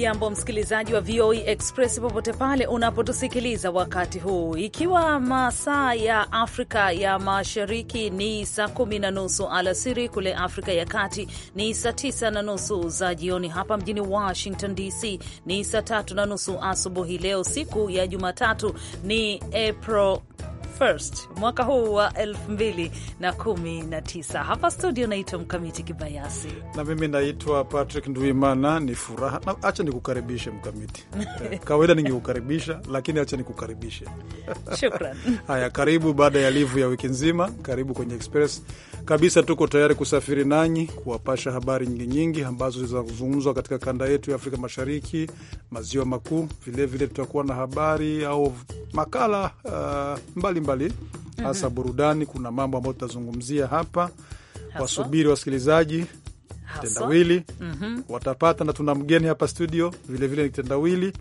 Hujambo msikilizaji wa VOA e Express popote pale unapotusikiliza wakati huu, ikiwa masaa ya Afrika ya Mashariki ni saa kumi na nusu alasiri, kule Afrika ya Kati ni saa tisa na nusu za jioni. Hapa mjini Washington DC ni saa tatu na nusu asubuhi. Leo siku ya Jumatatu ni April 1st mwaka huu wa 2019. Hapa studio naitwa Mkamiti Kibayasi na mimi naitwa Patrick Nduimana. Ni furaha na acha nikukaribishe Mkamiti. Kawaida ningekukaribisha lakini acha nikukaribishe. Shukran. Haya, karibu baada ya livu ya wiki nzima, karibu kwenye Express kabisa. Tuko tayari kusafiri nanyi kuwapasha habari nyingi nyingi ambazo zinazungumzwa katika kanda yetu ya Afrika Mashariki, maziwa makuu. Vilevile tutakuwa na habari au makala mbalimbali uh, mbali mbalimbali mhm. hasa mm -hmm. burudani. Kuna mambo ambayo tutazungumzia hapa, wasubiri wasikilizaji tendawili mm -hmm. watapata, na tuna mgeni hapa studio vilevile ni tendawili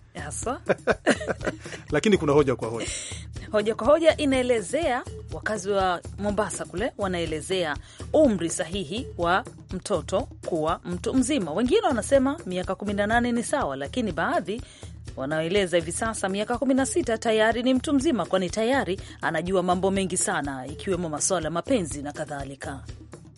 lakini kuna hoja kwa hoja, hoja kwa hoja inaelezea wakazi wa Mombasa kule wanaelezea umri sahihi wa mtoto kuwa mtu mzima. Wengine wanasema miaka 18 ni sawa, lakini baadhi wanaoeleza hivi sasa miaka 16 tayari ni mtu mzima, kwani tayari anajua mambo mengi sana, ikiwemo masuala ya mapenzi na kadhalika.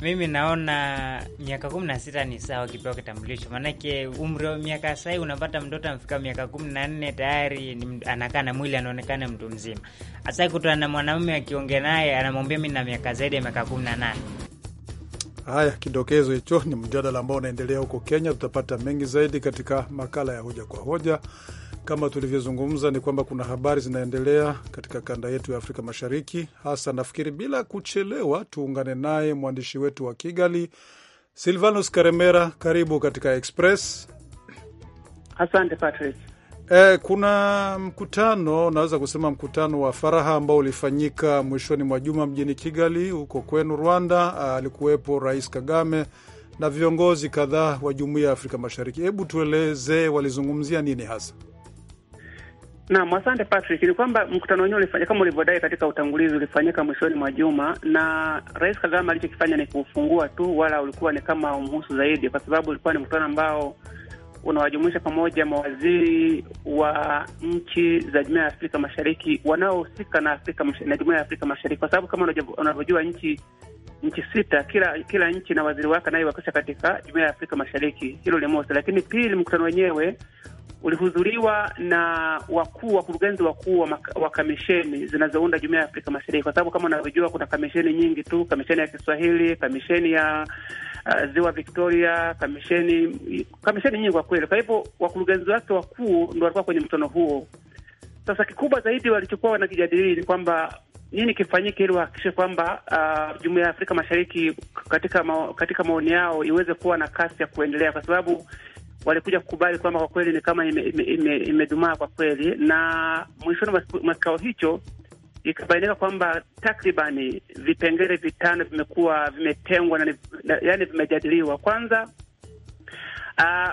Mimi naona miaka kumi na sita ni sawa kipewa kitambulisho, maanake umri wa miaka sahii unapata mtoto amefika miaka kumi na nne tayari anakaa na mwili, anaonekana mtu mzima. Hasa kutana na mwanaume akiongea naye anamwambia mi na miaka zaidi ya miaka kumi na nane. Haya, kidokezo hicho ni mjadala ambao unaendelea huko Kenya. Tutapata mengi zaidi katika makala ya hoja kwa hoja kama tulivyozungumza, ni kwamba kuna habari zinaendelea katika kanda yetu ya Afrika Mashariki, hasa nafikiri, bila kuchelewa, tuungane naye mwandishi wetu wa Kigali, Silvanus Karemera. Karibu katika Express. Asante Patrick. Eh, kuna mkutano, unaweza kusema mkutano wa faraha ambao ulifanyika mwishoni mwa juma mjini Kigali, huko kwenu Rwanda. Ah, alikuwepo Rais Kagame na viongozi kadhaa wa Jumuiya ya Afrika Mashariki. Hebu tueleze walizungumzia nini hasa? Naam, asante Patrick. Ni kwamba mkutano wenyewe ulifanyika kama ulivyodai katika utangulizi, ulifanyika mwishoni mwa juma, na Rais Kagame alichokifanya ni kufungua tu, wala ulikuwa ni kama umhusu zaidi, kwa sababu ulikuwa ni mkutano ambao unawajumuisha pamoja mawaziri wa nchi za jumuiya ya Afrika Mashariki wanaohusika na Afrika na jumuiya ya Afrika Mashariki, kwa sababu kama unavyojua nchi nchi sita, kila kila nchi na waziri wake anayewakilisha katika jumuiya ya Afrika Mashariki. Hilo ni mosi, lakini pili, mkutano wenyewe ulihudhuriwa na wakuu wakurugenzi wakuu wa wa kamisheni zinazounda Jumuiya ya Afrika Mashariki, kwa sababu kama unavyojua kuna kamisheni nyingi tu: kamisheni ya Kiswahili, kamisheni ya uh, Ziwa Victoria, kamisheni kamisheni nyingi kwa kweli. Kwa hivyo wakurugenzi wake wakuu ndo walikuwa kwenye mkutano huo. Sasa kikubwa zaidi walichokuwa wanakijadili ni kwamba nini kifanyike ili wahakikishe kwamba uh, Jumuiya ya Afrika Mashariki katika, ma, katika maoni yao iweze kuwa na kasi ya kuendelea kwa sababu walikuja kukubali kwamba kwa kweli ni kama imedumaa ime, ime, ime kwa kweli, na mwishoni mwa kikao hicho ikabainika kwamba takribani vipengele vitano vimekuwa vimetengwa na, na, yani vimejadiliwa. Kwanza uh,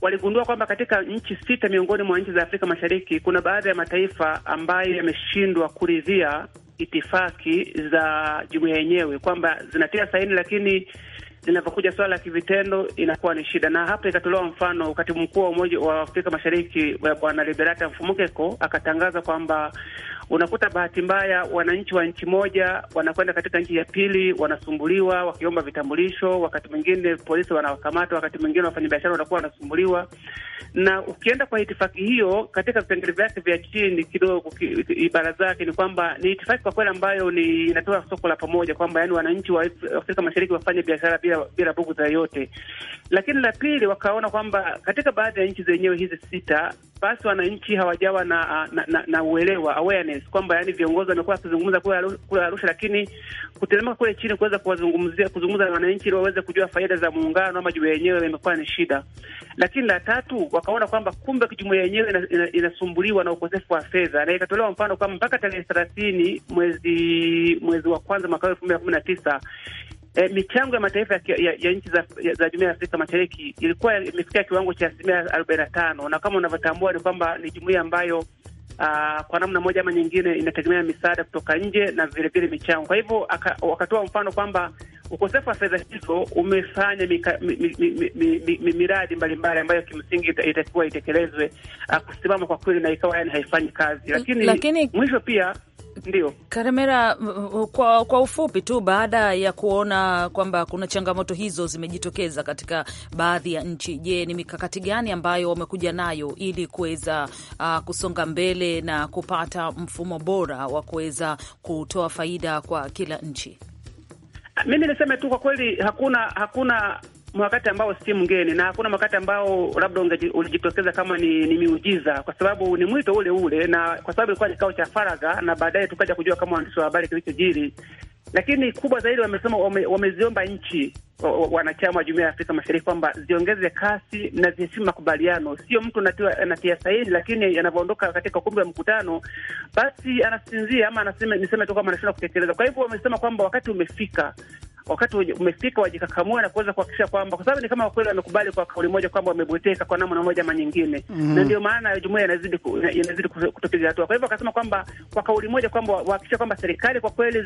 waligundua kwamba katika nchi sita miongoni mwa nchi za Afrika Mashariki kuna baadhi ya mataifa ambayo yameshindwa kuridhia itifaki za jumuiya yenyewe, kwamba zinatia saini lakini linapokuja swala la kivitendo inakuwa ni shida, na hapa ikatolewa mfano. Katibu mkuu wa Umoja wa Afrika Mashariki Bwana Liberata Mfumukeko akatangaza kwamba unakuta bahati mbaya wananchi wa nchi moja wanakwenda katika nchi ya pili, wanasumbuliwa wakiomba vitambulisho, wakati mwingine polisi wanawakamata, wakati mwingine wafanyabiashara wanakuwa wanasumbuliwa. Na ukienda kwa itifaki hiyo katika vipengele vyake vya chini kidogo, ibara zake ni kwamba ni itifaki kwa kweli ambayo ni inatoa soko la pamoja, kwamba yani wananchi wa Afrika Mashariki wafanye biashara bila bila bugu za yote. Lakini la pili, wakaona kwamba katika baadhi ya nchi zenyewe hizi sita basi wananchi hawajawa na na, na, na uelewa awareness kwamba yani viongozi wamekuwa wakizungumza kule Arusha, lakini kutelemka kule chini kuweza kuwazungumzia kuzungumza na wananchi ili waweze kujua faida za muungano ama jumuiya yenyewe imekuwa ni shida. Lakini la tatu, wakaona kwamba kumbe jumuiya yenyewe ina, ina, inasumbuliwa na ukosefu wa fedha, na ikatolewa mfano kwamba mpaka tarehe thelathini mwezi mwezi wa kwanza mwaka elfu mbili na kumi na tisa E, michango ya mataifa ya, ya, ya nchi za, za jumuiya ya Afrika Mashariki ilikuwa imefikia kiwango cha asilimia arobaini na tano na kama unavyotambua ni kwamba ni jumuiya ambayo uh, kwa namna moja ama nyingine inategemea misaada kutoka nje na vilevile michango. Kwa hivyo wakatoa mfano kwamba ukosefu wa fedha hizo umefanya mi, mi, mi, mi, mi, miradi mbalimbali ambayo kimsingi itakiwa itekelezwe uh, kusimama kwa kweli na ikawa yani haifanyi kazi, lakini, lakini... mwisho pia ndio Karemera, kwa, kwa ufupi tu, baada ya kuona kwamba kuna changamoto hizo zimejitokeza katika baadhi ya nchi, je, ni mikakati gani ambayo wamekuja nayo ili kuweza uh, kusonga mbele na kupata mfumo bora wa kuweza kutoa faida kwa kila nchi? Mimi niseme tu kwa kweli, hakuna hakuna wakati ambao si mgeni na hakuna wakati ambao labda ulijitokeza kama ni, ni miujiza, kwa sababu ni mwito ule ule, na kwa sababu ilikuwa kikao cha faragha, na baadaye tukaja kujua kama waandishi wa habari kilichojiri. Lakini kubwa zaidi wamesema, wame, wameziomba nchi wanachama wa jumuiya ya Afrika Mashariki kwamba ziongeze kasi na ziheshimu makubaliano. Sio mtu anatia saini, lakini anavyoondoka katika ukumbi wa mkutano, basi anasinzia ama anasema, niseme tu kama anashindwa kutekeleza. Kwa hivyo wamesema kwamba wakati umefika wakati umefika wajikakamua na kuweza kuhakikisha kwamba, kwa sababu ni kama kweli wamekubali kwa kauli moja kwamba wamebweteka kwa namna moja ama nyingine, mhm. na ndio maana jumuia inazidi inazidi kutopiga hatua. Kwa hivyo wakasema kwamba kwa kauli moja kwamba wahakikisha kwamba serikali kwa kweli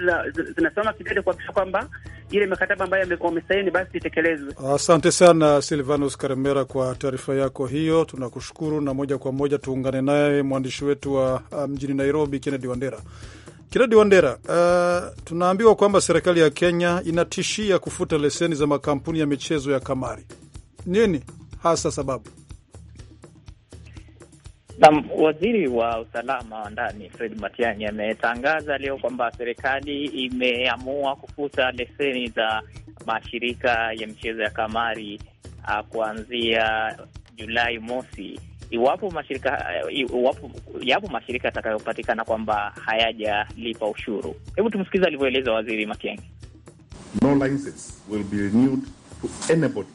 zinasimama kidete kuhakikisha kwamba ile mikataba ambayo wamesaini basi itekelezwe. Asante sana Silvanus Karemera kwa taarifa yako hiyo, tunakushukuru. Na moja kwa moja tuungane naye mwandishi wetu wa uh, mjini Nairobi, Kennedy Wandera. Kiredi Wandera, uh, tunaambiwa kwamba serikali ya Kenya inatishia kufuta leseni za makampuni ya michezo ya kamari. Nini hasa sababu? Na waziri wa usalama wa ndani Fred Matiang'i ametangaza leo kwamba serikali imeamua kufuta leseni za mashirika ya michezo ya kamari uh, kuanzia Julai mosi iwapo mashirika eh, iwapo yapo mashirika yatakayopatikana kwamba hayajalipa ushuru. Hebu tumsikiza alivyoeleza Waziri Matiang'i. No license will be renewed to anybody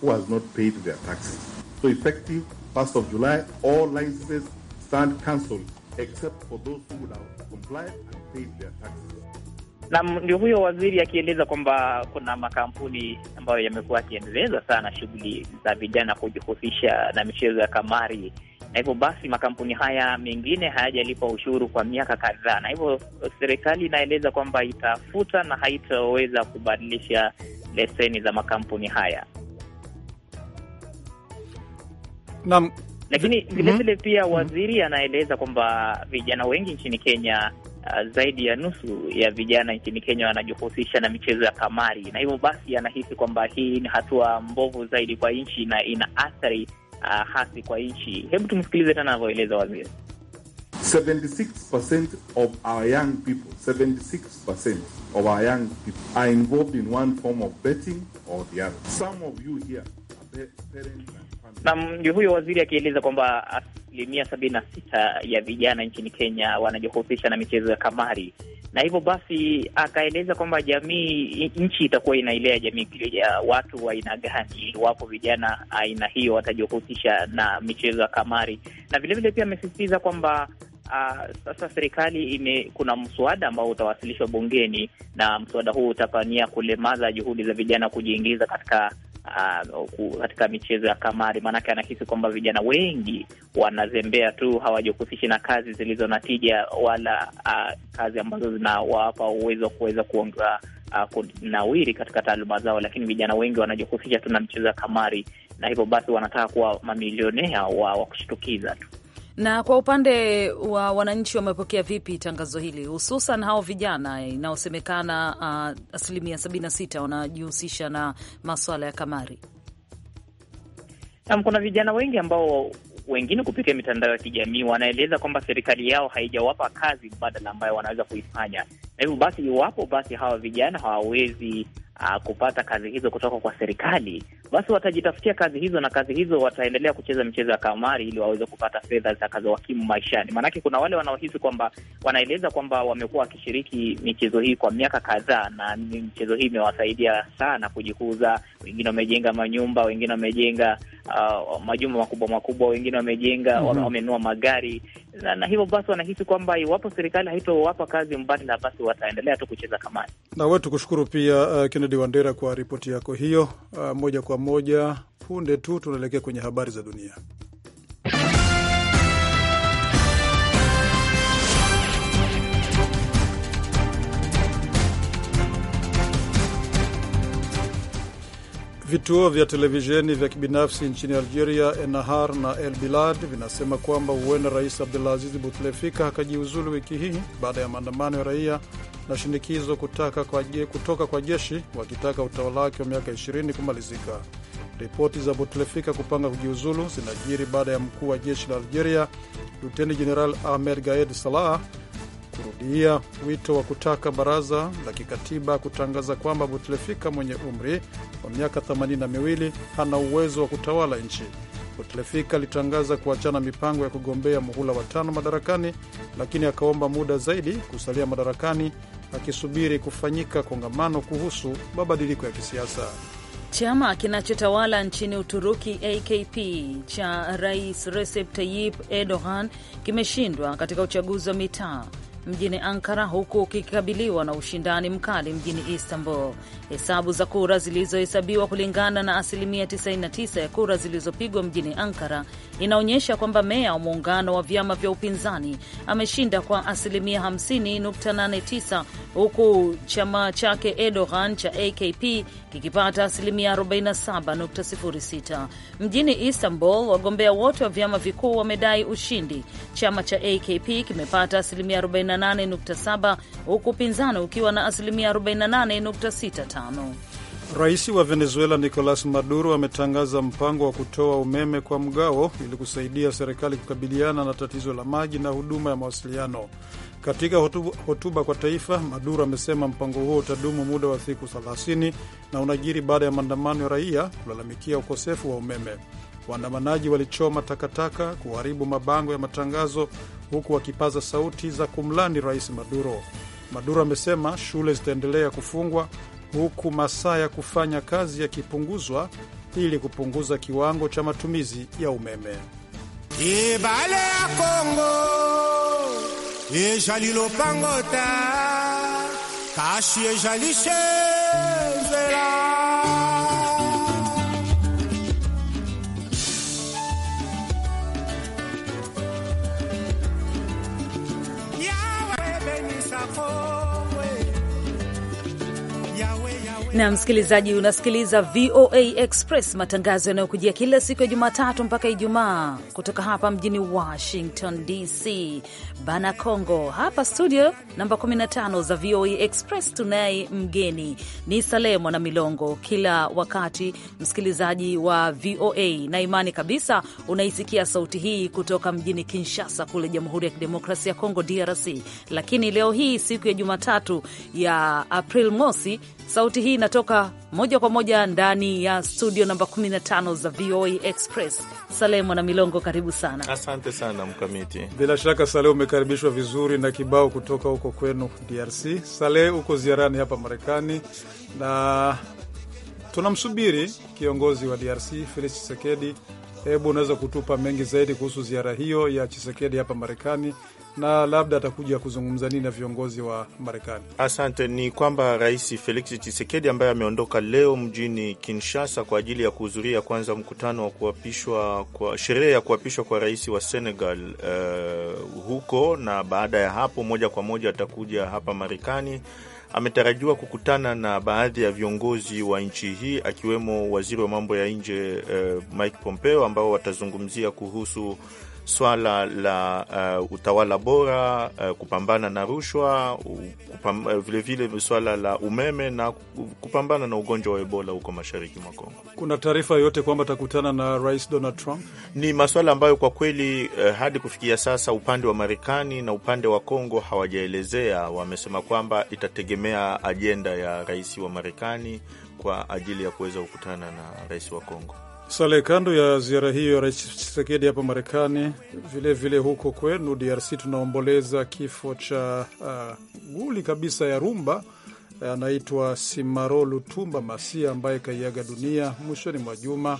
who has not paid their taxes. So effective 1st of July, all licenses stand cancelled except for those who would have complied and paid their taxes na ndio huyo waziri akieleza kwamba kuna makampuni ambayo yamekuwa yakiendeleza sana shughuli za vijana kujihusisha na michezo ya kamari, na hivyo basi makampuni haya mengine hayajalipa ushuru kwa miaka kadhaa, na hivyo serikali inaeleza kwamba itafuta na haitaweza kubadilisha leseni za makampuni haya Nam... lakini vilevile mm -hmm. pia waziri anaeleza kwamba vijana wengi nchini Kenya Uh, zaidi ya nusu ya vijana nchini Kenya wanajihusisha na michezo ya kamari, na hivyo basi anahisi kwamba hii ni hatua mbovu zaidi kwa nchi na ina athari uh, hasi kwa nchi. Hebu tumsikilize tena anavyoeleza waziri. 76% of our young people, 76% of our young people are involved in one form of betting or the other. Some of you here are parents Nam, ndio huyo waziri akieleza kwamba asilimia sabini na sita ya vijana nchini Kenya wanajihusisha na michezo ya kamari, na hivyo basi akaeleza kwamba jamii, nchi itakuwa inailea jamii ya watu wa aina gani iwapo vijana aina hiyo watajihusisha na michezo ya kamari, na vilevile pia amesisitiza kwamba Uh, sasa serikali ime- kuna mswada ambao utawasilishwa bungeni na mswada huu utapania kulemaza juhudi za vijana kujiingiza katika uh, katika michezo ya kamari, maanake anahisi kwamba vijana wengi wanazembea tu, hawajihusishi na kazi zilizo na tija wala uh, kazi ambazo zinawapa uwezo wa kuweza kuongea uh, kunawiri katika taaluma zao, lakini vijana wengi wanajihusisha tu na michezo ya kamari, na hivyo basi wanataka kuwa mamilionea wa, wa kushtukiza tu. Na kwa upande wa wananchi wamepokea vipi tangazo hili, hususan hao vijana inaosemekana uh, asilimia sita wanajihusisha na maswala ya kamari? Naam, kuna vijana wengi ambao wengine kupitia mitandao ya kijamii wanaeleza kwamba serikali yao haijawapa kazi mbadala ambayo wanaweza kuifanya, na hivyo basi, iwapo basi hawa vijana hawawezi uh, kupata kazi hizo kutoka kwa serikali, basi watajitafutia kazi hizo, na kazi hizo wataendelea kucheza michezo ya kamari ili waweze kupata fedha zitakazowakimu maishani. Maanake kuna wale wanaohisi kwamba, wanaeleza kwamba wamekuwa wakishiriki michezo hii kwa miaka kadhaa, na michezo hii imewasaidia sana kujikuza. Wengine wamejenga manyumba, wengine wamejenga uh, majumba makubwa makubwa, wengine wamejenga mm -hmm. wamenua magari na, na hivyo basi wanahisi kwamba iwapo serikali haitowapa kazi mbadala, basi wataendelea tu kucheza kamani. Na we tukushukuru pia uh, Kennedy Wandera kwa ripoti yako hiyo. Uh, moja kwa moja punde tu tunaelekea kwenye habari za dunia. Vituo vya televisheni vya kibinafsi nchini Algeria, Enahar na El Bilad, vinasema kwamba huenda Rais Abdulaziz Butlefika akajiuzulu wiki hii baada ya maandamano ya raia na shinikizo kutaka kwa je, kutoka kwa jeshi wakitaka utawala wake wa miaka 20 kumalizika. Ripoti za Butlefika kupanga kujiuzulu zinajiri baada ya mkuu wa jeshi la Algeria Luteni Jeneral Ahmed Gaed Salah kurudia wito wa kutaka baraza la kikatiba kutangaza kwamba Butlefika mwenye umri wa miaka 82 hana uwezo wa kutawala nchi. Butlefika alitangaza kuachana mipango ya kugombea muhula wa tano madarakani, lakini akaomba muda zaidi kusalia madarakani akisubiri kufanyika kongamano kuhusu mabadiliko ya kisiasa. Chama kinachotawala nchini Uturuki AKP cha Rais Recep Tayyip Erdogan kimeshindwa katika uchaguzi wa mitaa mjini Ankara, huku ukikabiliwa na ushindani mkali mjini Istanbul. Hesabu za kura zilizohesabiwa kulingana na asilimia 99 ya kura zilizopigwa mjini Ankara inaonyesha kwamba meya wa muungano wa vyama vya upinzani ameshinda kwa asilimia 50.89 huku chama chake Erdogan cha AKP kikipata asilimia 47.06. Mjini Istanbul, wagombea wote wa vyama vikuu wamedai ushindi. Chama cha AKP kimepata asilimia 48.7 huku upinzani ukiwa na asilimia 48.65. Rais wa Venezuela Nicolas Maduro ametangaza mpango wa kutoa umeme kwa mgao ili kusaidia serikali kukabiliana na tatizo la maji na huduma ya mawasiliano. Katika hotuba, hotuba kwa taifa, Maduro amesema mpango huo utadumu muda wa siku 30 na unajiri baada ya maandamano ya raia kulalamikia ukosefu wa umeme. Waandamanaji walichoma takataka, kuharibu mabango ya matangazo, huku wakipaza sauti za kumlani Rais Maduro. Maduro amesema shule zitaendelea kufungwa huku masaa ya kufanya kazi yakipunguzwa ili kupunguza kiwango cha matumizi ya umeme. ibale ya Kongo ejali kashi ejalishe na msikilizaji, unasikiliza VOA Express, matangazo yanayokujia kila siku ya Jumatatu mpaka Ijumaa kutoka hapa mjini Washington DC, bana Congo. Hapa studio namba 15 za VOA Express tunaye mgeni ni Saleh Mwana Milongo. Kila wakati msikilizaji wa VOA na imani kabisa unaisikia sauti hii kutoka mjini Kinshasa kule Jamhuri ya Kidemokrasia ya Kongo, DRC. Lakini leo hii siku ya Jumatatu ya April mosi Sauti hii inatoka moja kwa moja ndani ya studio namba 15 za VOA Express. Salemo na Milongo, karibu sana. Asante sana Mkamiti. Bila shaka Saleh umekaribishwa vizuri na kibao kutoka huko kwenu DRC. Saleh uko ziarani hapa Marekani na tunamsubiri kiongozi wa DRC Felix chisekedi Hebu unaweza kutupa mengi zaidi kuhusu ziara hiyo ya chisekedi hapa Marekani na labda atakuja kuzungumza nini na viongozi wa Marekani. Asante. Ni kwamba Rais Felix Tshisekedi ambaye ameondoka leo mjini Kinshasa kwa ajili ya kuhudhuria kwanza mkutano wa kuapishwa kwa sherehe ya kuapishwa kwa rais wa Senegal uh, huko, na baada ya hapo moja kwa moja atakuja hapa Marekani. Ametarajiwa kukutana na baadhi ya viongozi wa nchi hii akiwemo waziri wa mambo ya nje eh, Mike Pompeo ambao watazungumzia kuhusu swala la uh, utawala bora uh, kupambana na rushwa vilevile uh, vilevile swala la umeme na kupambana na ugonjwa wa Ebola huko mashariki mwa Kongo. Kuna taarifa yoyote kwamba atakutana na Rais Donald Trump? Ni maswala ambayo kwa kweli uh, hadi kufikia sasa upande wa Marekani na upande wa Kongo hawajaelezea. Wamesema kwamba itategemea ajenda ya rais wa Marekani kwa ajili ya kuweza kukutana na rais wa Kongo. Sale, kando ya ziara hiyo ya Rais chisekedi hapa Marekani, vilevile huko kwenu DRC tunaomboleza kifo cha guli uh, kabisa ya rumba uh, anaitwa Simaro Lutumba Masia ambaye kaiaga dunia mwishoni mwa juma.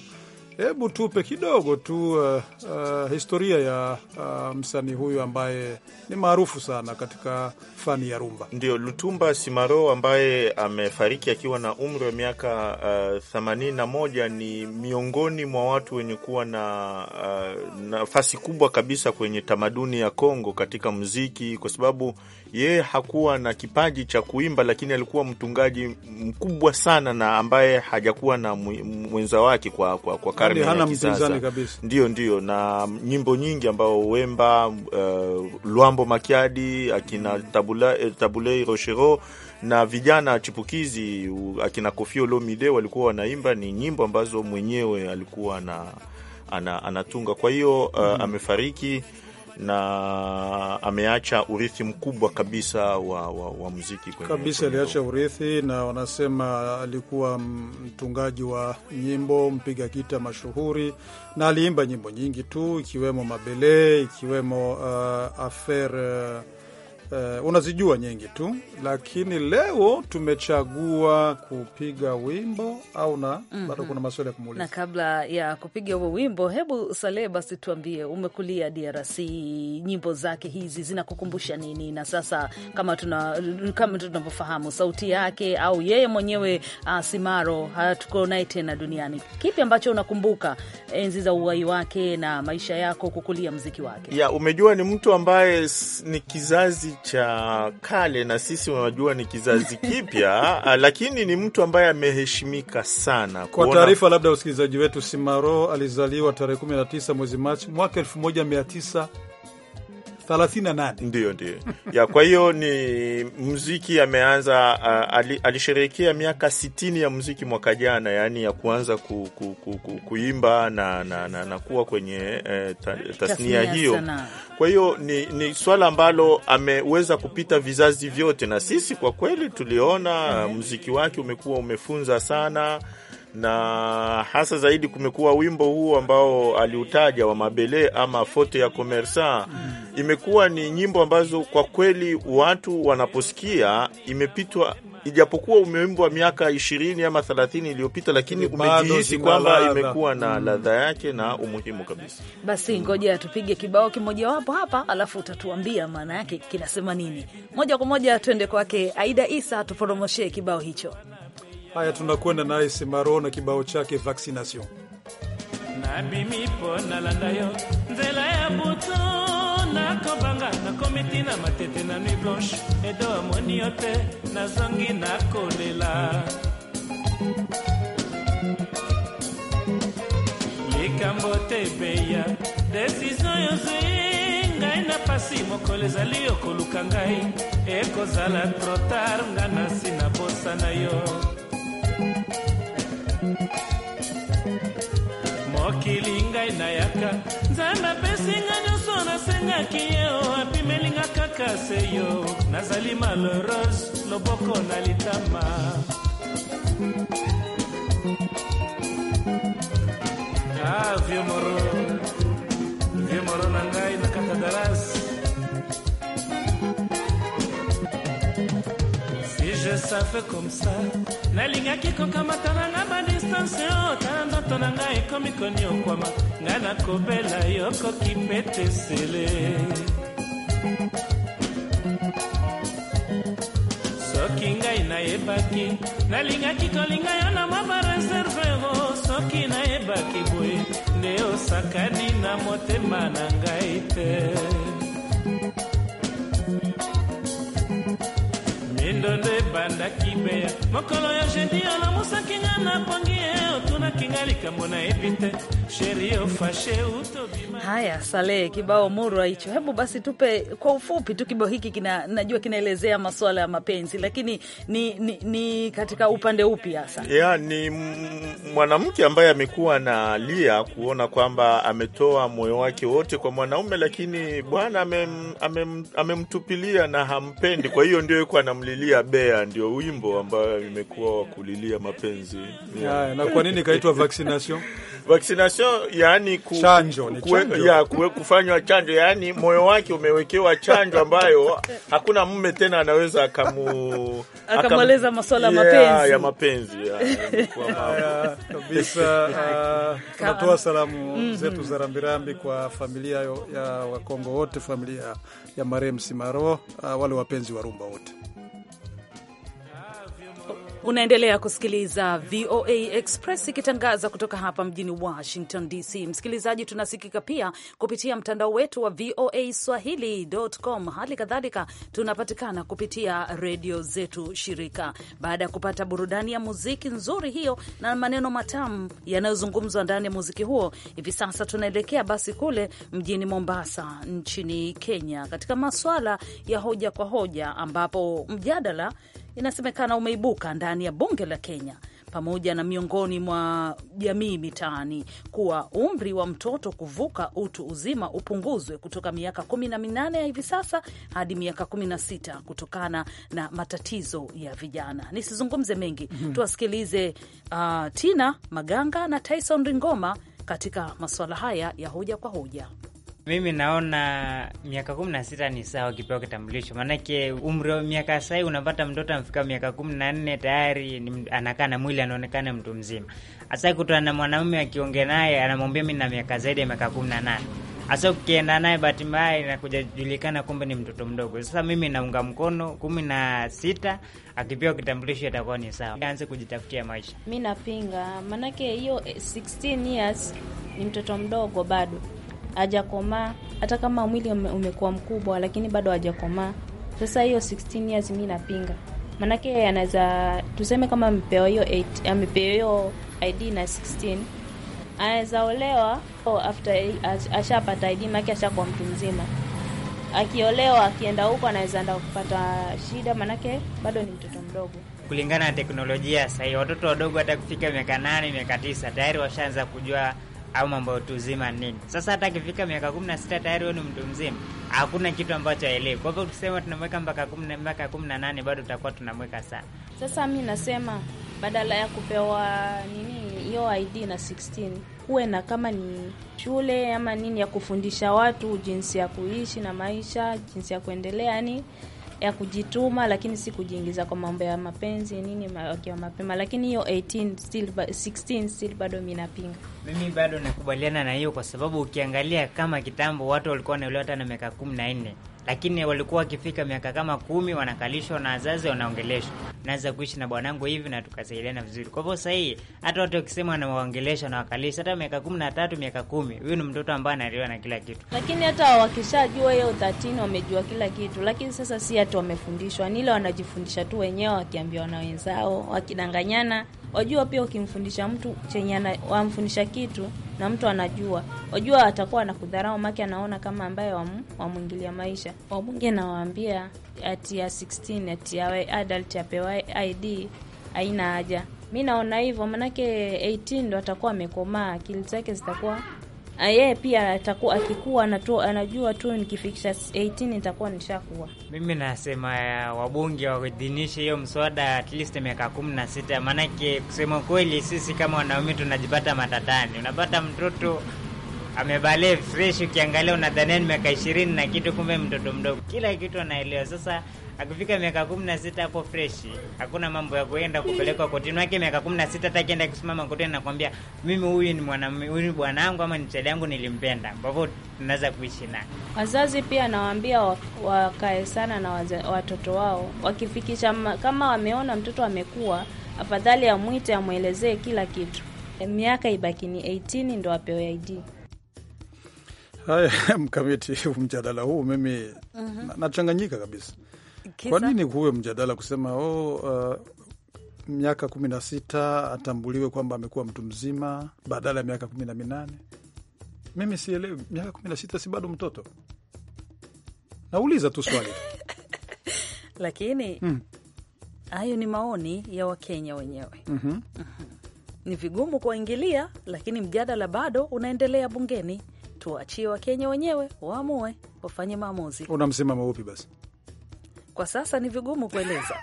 Hebu tupe kidogo tu uh, uh, historia ya uh, msanii huyu ambaye ni maarufu sana katika fani ya rumba. Ndio Lutumba Simaro ambaye amefariki akiwa na umri wa miaka uh, 81 Ni miongoni mwa watu wenye kuwa na uh, nafasi kubwa kabisa kwenye tamaduni ya Kongo katika muziki, kwa sababu yeye hakuwa na kipaji cha kuimba, lakini alikuwa mtungaji mkubwa sana na ambaye hajakuwa na mwenza wake kwa, kwa, kwa karne ya kisasa. Ndio, ndio, na nyimbo nyingi ambao Wemba, uh, Luambo Makiadi akina eh, Tabulei Tabule Rochero na vijana chipukizi akina Koffi Olomide walikuwa wanaimba, ni nyimbo ambazo mwenyewe alikuwa ana, ana, anatunga. Kwa hiyo uh, mm. amefariki na ameacha urithi mkubwa kabisa wa, wa, wa muziki kwenye, kabisa aliacha urithi, na wanasema alikuwa mtungaji wa nyimbo, mpiga gita mashuhuri, na aliimba nyimbo nyingi tu ikiwemo Mabele, ikiwemo uh, affaire uh, Uh, unazijua nyingi tu, lakini leo tumechagua kupiga wimbo au na mm -hmm. Bado mhm. kuna maswali ya kumuuliza, na kabla ya kupiga huo wimbo, hebu Salehe basi tuambie, umekulia DRC, nyimbo zake hizi zinakukumbusha nini? Na sasa kama tuna kama tunavyofahamu sauti yake au yeye mwenyewe uh, Simaro hatuko naye tena duniani, kipi ambacho unakumbuka enzi za uwai wake na maisha yako kukulia mziki wake? Ya, umejua ni mtu ambaye ni kizazi cha kale na sisi unajua ni kizazi kipya lakini ni mtu ambaye ameheshimika sana. Kwa taarifa labda usikilizaji wetu, Simaro alizaliwa tarehe 19 mwezi Machi mwaka 19 38 ndio ndio ya. Kwa hiyo ni mziki ameanza, uh, alisherehekea miaka 60 ya mziki mwaka jana, yani ya kuanza ku, ku, ku, ku, kuimba na, na, na, na kuwa kwenye eh, tasnia hiyo Kwa hiyo ni, ni swala ambalo ameweza kupita vizazi vyote, na sisi kwa kweli tuliona mziki mm-hmm. wake umekuwa umefunza sana na hasa zaidi kumekuwa wimbo huu ambao aliutaja wa Mabele ama fote ya komersa mm. Imekuwa ni nyimbo ambazo kwa kweli watu wanaposikia imepitwa ijapokuwa umeimbwa miaka ishirini ama thelathini iliyopita, lakini umejihisi kwamba imekuwa na mm. ladha yake na umuhimu kabisa. Basi mm. ngoja tupige kibao kimojawapo hapa, alafu utatuambia maana yake kinasema nini. Moja kwa moja tuende kwake Aida Isa, tuporomoshee kibao hicho. Haya, tunakwenda naye Semaro na kibao chake vaccination nabi mipo nalanda yo nzela ya butu nakobanga nakomiti na matete na nui blanche edo amoni yo te nazongi nakolela likambo te ebeya desizio yozwi ngai na pasi mokolo ezali yo koluka ngai ekozala trotar nga na nsi na bosa na yo mokili ngai nayaka nzambe apesinga nyonso nasengaki yo apimelinga kaka seyo nazali malheureux loboko na litama ah vieux moro vieux moro na ngai na katadaras ça fait comme ça nalingaki kokamatana na badistance oyo tala ndoto na ngai ekomi koniokwama ngai nakobela yokoki mpe tesele soki ngai nayebaki nalingaki kolinga yo na mwa bareserve o soki nayebaki boye nde osakani na motema na ngai te and I keep it. mokolo ya jeudi olamusaki na e, otuna kinga likambo na sheri ofashe utobima. Haya, Salehe, kibao murwa hicho. Hebu basi tupe kwa ufupi tu kibao hiki kina, najua kinaelezea masuala ya mapenzi lakini ni, ni, ni katika upande upi hasa? Yeah, ni mwanamke ambaye amekuwa na lia kuona kwamba ametoa moyo wake wote kwa mwanaume, lakini bwana amem, amem, amemtupilia na hampendi. Kwa hiyo ndio yuko anamlilia bea, ndio wimbo ambayo imekuwa wakulilia mapenzi yeah. Yeah, na kwa nini ikaitwa vaccination? Vaccination yani ku, chanjo, ni chanjo. Ya, ku, kufanywa chanjo yani moyo wake umewekewa chanjo ambayo hakuna mume tena anaweza akamu akamaliza masuala yeah, ya mapenzi kabisa. Uh, tunatoa salamu mm -hmm. zetu za rambirambi kwa familia ya Wakongo wote, familia ya marehemu Simaro, uh, wale wapenzi wa rumba wote Unaendelea kusikiliza VOA Express ikitangaza kutoka hapa mjini Washington DC. Msikilizaji, tunasikika pia kupitia mtandao wetu wa VOA Swahili.com. Hali kadhalika tunapatikana kupitia redio zetu shirika. Baada ya kupata burudani ya muziki nzuri hiyo na maneno matamu yanayozungumzwa ndani ya muziki huo, hivi sasa tunaelekea basi kule mjini Mombasa nchini Kenya, katika maswala ya hoja kwa hoja, ambapo mjadala inasemekana umeibuka ndani ya bunge la Kenya pamoja na miongoni mwa jamii mitaani kuwa umri wa mtoto kuvuka utu uzima upunguzwe kutoka miaka kumi na minane ya hivi sasa hadi miaka kumi na sita kutokana na matatizo ya vijana. Nisizungumze mengi mm -hmm. Tuwasikilize uh, Tina Maganga na Tyson Ringoma katika masuala haya ya hoja kwa hoja. Mimi naona miaka kumi na sita ni sawa ukipewa kitambulisho, maanake umri wa miaka sai, unapata mtoto amfika miaka kumi na nne tayari anakaa na mwili, anaonekana mtu mzima. Hasa kutana na mwanaume akiongea naye anamwambia mi na miaka zaidi ya miaka kumi na nane hasa ukienda naye bahati mbaya inakuja julikana kumbe ni mtoto mdogo. Sasa mimi naunga mkono kumi na sita akipewa kitambulisho itakuwa ni sawa, aanze kujitafutia maisha. Mi napinga, maanake hiyo 16 years ni mtoto mdogo bado hajakomaa. Hata kama mwili umekuwa mkubwa, lakini bado hajakomaa. Sasa hiyo 16 years mimi napinga, maanake anaweza tuseme kama amepewa hiyo amepewa hiyo ID na 16 anaweza olewa oh, after ashapata ID, maanake ashakuwa mtu mzima. Akiolewa akienda huko anaweza enda kupata shida, manake bado ni mtoto mdogo. Kulingana na teknolojia sasa watoto wadogo hata kufika miaka nane miaka tisa tayari washaanza kujua au mambo ya utu uzima nini. Sasa hata akifika miaka kumi na sita tayari wewe ni mtu mzima, hakuna kitu ambacho haelewi. Kwa hivyo tukisema tunamweka mpaka miaka kumi na nane bado tutakuwa tunamweka sana. Sasa mi nasema badala ya kupewa nini hiyo ID na 16 kuwe na kama ni shule ama nini ya kufundisha watu jinsi ya kuishi na maisha, jinsi ya kuendelea yani ya kujituma, lakini si kujiingiza kwa mambo ya mapenzi nini wakiwa mapema. Lakini hiyo 18 still 16 still bado mimi napinga, mimi bado nakubaliana na hiyo, kwa sababu ukiangalia kama kitambo watu walikuwa wanaolewa hata na miaka kumi na nne lakini walikuwa wakifika miaka kama kumi wanakalishwa na wazazi, wanaongeleshwa. Naweza kuishi na bwanangu hivi na tukasaidiana vizuri. Kwa hivyo sahii hata watu wakisema wanawaongelesha na wakalisha, hata miaka kumi na tatu miaka kumi, huyu ni mtoto ambaye analiwa na kila kitu. Lakini hata wakishajua hiyo utatini, wamejua kila kitu, lakini sasa si hati wamefundishwa, ni ile wanajifundisha tu wenyewe, wakiambiwa na wenzao, wakidanganyana Wajua pia ukimfundisha mtu chenye wamfundisha kitu na mtu anajua, wajua atakuwa anakudharau, maki anaona kama ambaye wamwingilia maisha. Wabunge nawaambia ati ya 16 ati ya adult apewa ID haina haja. Mi naona hivyo, manake 18 ndo atakuwa amekomaa, akili zake zitakuwa Ah, yeye pia atakuwa akikuwa natu, anajua tu nikifikisha 18 nitakuwa nishakuwa. Mimi nasema eh, wabunge waidhinishe hiyo mswada at least miaka kumi na sita, maanake kusema kweli sisi kama wanaume tunajipata matatani. Unapata mtoto amebalee fresh, ukiangalia unadhania ni miaka ishirini na kitu, kumbe mtoto mdogo, kila kitu anaelewa sasa akifika miaka kumi na sita hapo freshi, hakuna mambo ya kuenda kupelekwa kotini. Wake miaka kumi na sita takienda kusimama kotini, nakwambia mimi, huyu ni mwana huyu bwanangu ama ni chali yangu, nilimpenda, ambavyo tunaweza kuishi naye. Wazazi pia nawaambia wakae sana na waze, watoto wao wakifikisha, kama wameona mtoto amekuwa, afadhali amwite amwelezee kila kitu, eh, miaka ibaki ni 18 ndo apewe ID. Haya, mkamiti, mjadala huu mimi uh mhm. -huh. nachanganyika kabisa kwa nini huwe mjadala kusema oh, uh, miaka kumi na sita atambuliwe kwamba amekuwa mtu mzima badala ya miaka kumi na minane? Mimi sielewi. Miaka kumi na sita si bado mtoto? Nauliza tu swali lakini hmm. Hayo ni maoni ya Wakenya wenyewe. mm -hmm. Mm -hmm. Ni vigumu kuwaingilia, lakini mjadala bado unaendelea bungeni. tuwachie Wakenya wenyewe waamue, wafanye maamuzi. Una msimamo upi basi? Kwa sasa ni vigumu kueleza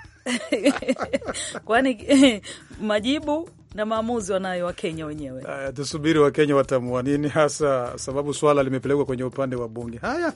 kwani majibu na maamuzi wanayo Wakenya wenyewe. Uh, tusubiri Wakenya watamua nini hasa, sababu swala limepelekwa kwenye upande wa bunge. Haya,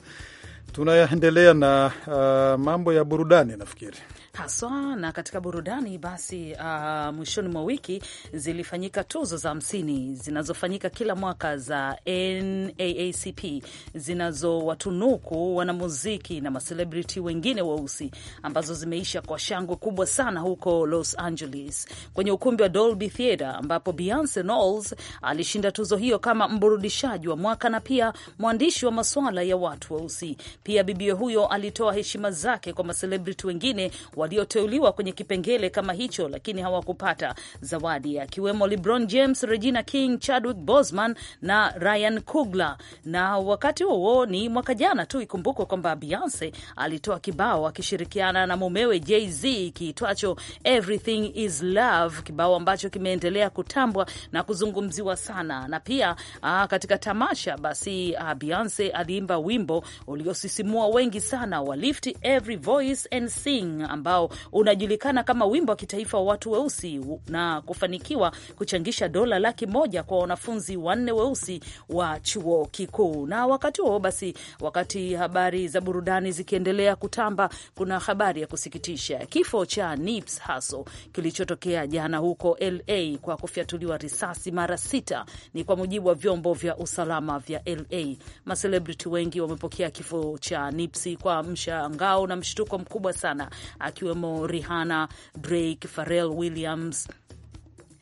tunaendelea na uh, mambo ya burudani nafikiri haswa. Na katika burudani basi, uh, mwishoni mwa wiki zilifanyika tuzo za hamsini zinazofanyika kila mwaka za NAACP zinazowatunuku wanamuziki na maselebriti wengine weusi ambazo zimeisha kwa shangwe kubwa sana huko Los Angeles kwenye ukumbi wa Dolby Theatre ambapo Beyonce Knowles alishinda tuzo hiyo kama mburudishaji wa mwaka na pia mwandishi wa masuala ya watu weusi. Pia bibia huyo alitoa heshima zake kwa maselebriti wengine wa walioteuliwa kwenye kipengele kama hicho, lakini hawakupata zawadi, akiwemo LeBron James, Regina King, Chadwick Boseman na Ryan Coogler. Na wakati huo ni mwaka jana tu, ikumbukwe kwamba Beyonce alitoa kibao akishirikiana na mumewe Jay-Z kiitwacho Everything is Love, kibao ambacho kimeendelea kutambwa na kuzungumziwa sana. Na pia aa, ah, katika tamasha basi aa, ah, Beyonce aliimba wimbo uliosisimua wengi sana wa Lift Every Voice and Sing ambao unajulikana kama wimbo wa kitaifa wa watu weusi na kufanikiwa kuchangisha dola laki moja kwa wanafunzi wanne weusi wa chuo kikuu. Na wakati huo basi, wakati habari za burudani zikiendelea kutamba, kuna habari ya kusikitisha, kifo cha Nipsey Hussle kilichotokea jana huko LA kwa kufyatuliwa risasi mara sita, ni kwa mujibu wa vyombo vya usalama vya LA. Maselebrity wengi wamepokea kifo cha Nipsey kwa mshangao na mshtuko mkubwa sana, akiwemo Rihanna, Drake, Pharrell Williams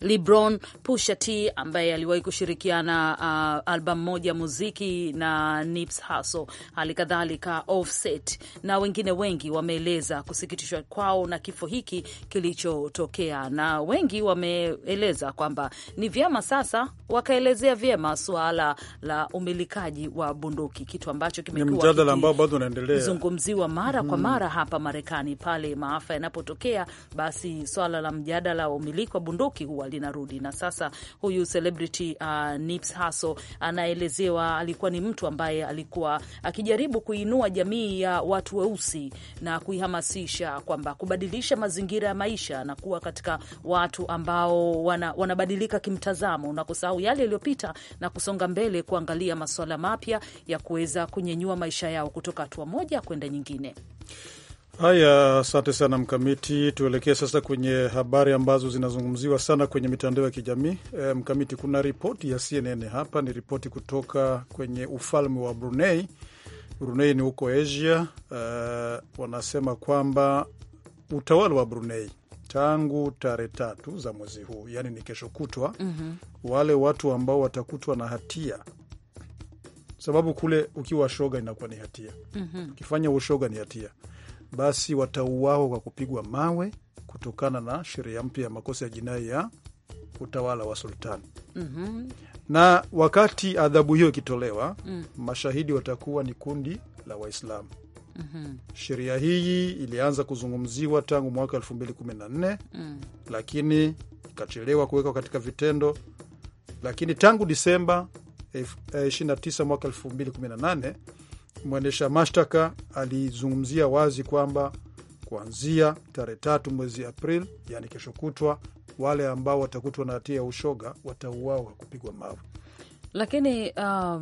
Lebron, Pusha T ambaye aliwahi kushirikiana uh, albamu moja muziki na Nipsey Hussle, hali kadhalika Offset na wengine wengi wameeleza kusikitishwa kwao na kifo hiki kilichotokea, na wengi wameeleza kwamba ni vyema sasa wakaelezea vyema suala la umilikaji wa bunduki, kitu ambacho kimekuwa mara kwa hmm. mara hapa Marekani. Pale maafa yanapotokea, basi swala la mjadala wa umiliki wa bunduki huwa linarudi. Na sasa huyu celebrity uh, Nipsey Hussle anaelezewa alikuwa ni mtu ambaye alikuwa akijaribu kuinua jamii ya watu weusi na kuihamasisha kwamba kubadilisha mazingira ya maisha na kuwa katika watu ambao wana, wanabadilika kimtazamo na kusahau yale yaliyopita na kusonga mbele kuangalia masuala mapya ya kuweza kunyenyua maisha yao kutoka hatua moja kwenda nyingine. Haya, asante sana Mkamiti. Tuelekee sasa kwenye habari ambazo zinazungumziwa sana kwenye mitandao ya kijamii. E, Mkamiti, kuna ripoti ya CNN hapa, ni ripoti kutoka kwenye ufalme wa Brunei. Brunei ni huko Asia. E, wanasema kwamba utawala wa Brunei tangu tarehe tatu za mwezi huu, yaani ni kesho kutwa, mm -hmm. wale watu ambao watakutwa na hatia sababu kule ukiwa shoga inakuwa ni hatia, mm -hmm. ukifanya ushoga ni hatia basi watauawa kwa kupigwa mawe kutokana na sheria mpya ya makosa ya jinai ya utawala wa sultani. mm -hmm. Na wakati adhabu hiyo ikitolewa, mm. mashahidi watakuwa ni kundi la Waislamu. mm -hmm. Sheria hii ilianza kuzungumziwa tangu mwaka 2014 mm. lakini ikachelewa kuwekwa katika vitendo, lakini tangu Disemba 29 eh, mwaka 2018 mwendesha mashtaka alizungumzia wazi kwamba kuanzia tarehe tatu mwezi april yani kesho kutwa, wale ambao watakutwa na hatia ya ushoga watauawa kupigwa mawe. Lakini uh,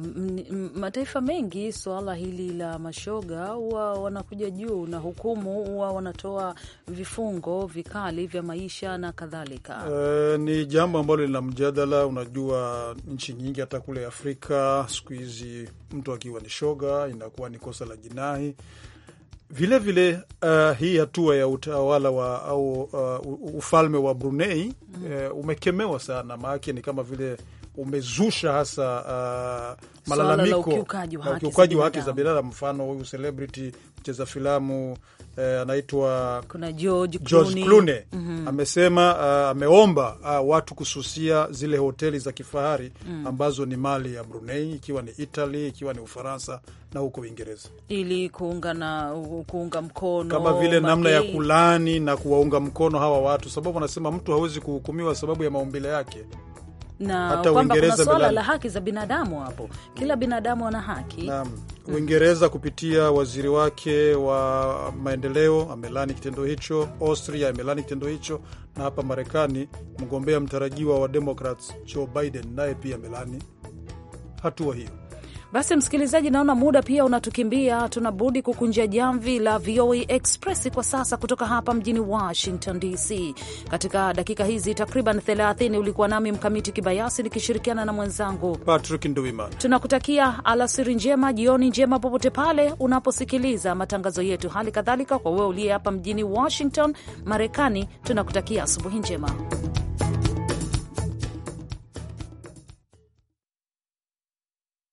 mataifa mengi suala hili la mashoga huwa wanakuja juu na hukumu, huwa wanatoa vifungo vikali vya maisha na kadhalika. E, ni jambo ambalo lina mjadala. Unajua, nchi nyingi hata kule Afrika siku hizi mtu akiwa ni shoga inakuwa ni kosa la jinai vilevile. Uh, eh, hii hatua ya utawala wa au uh, ufalme wa Brunei mm, uh, umekemewa sana, maake ni kama vile umezusha hasa uh, malalamiko na ukiukaji wa haki za binadamu. Mfano huyu celebrity mcheza filamu eh, anaitwa George Clooney, Clooney. Mm -hmm. Amesema uh, ameomba uh, watu kususia zile hoteli za kifahari mm, ambazo ni mali ya Brunei, ikiwa ni Italy, ikiwa ni Ufaransa na huko Uingereza, ili kuunga, na, kuunga mkono kama vile mage, namna ya kulani na kuwaunga mkono hawa watu, sababu anasema mtu hawezi kuhukumiwa sababu ya maumbile yake na Uingereza kuna swala la haki za binadamu hapo, kila binadamu ana haki Uingereza kupitia waziri wake wa maendeleo amelani kitendo hicho, Austria amelani kitendo hicho, na hapa Marekani mgombea mtarajiwa wa Democrats Joe Biden naye pia amelani hatua hiyo. Basi msikilizaji, naona muda pia unatukimbia, tunabudi kukunjia jamvi la VOA e Express kwa sasa, kutoka hapa mjini Washington DC. Katika dakika hizi takriban 30 ulikuwa nami Mkamiti Kibayasi nikishirikiana na mwenzangu Patrick Nduima. Tunakutakia alasiri njema, jioni njema, popote pale unaposikiliza matangazo yetu. Hali kadhalika kwa wewe uliye hapa mjini Washington, Marekani, tunakutakia asubuhi njema.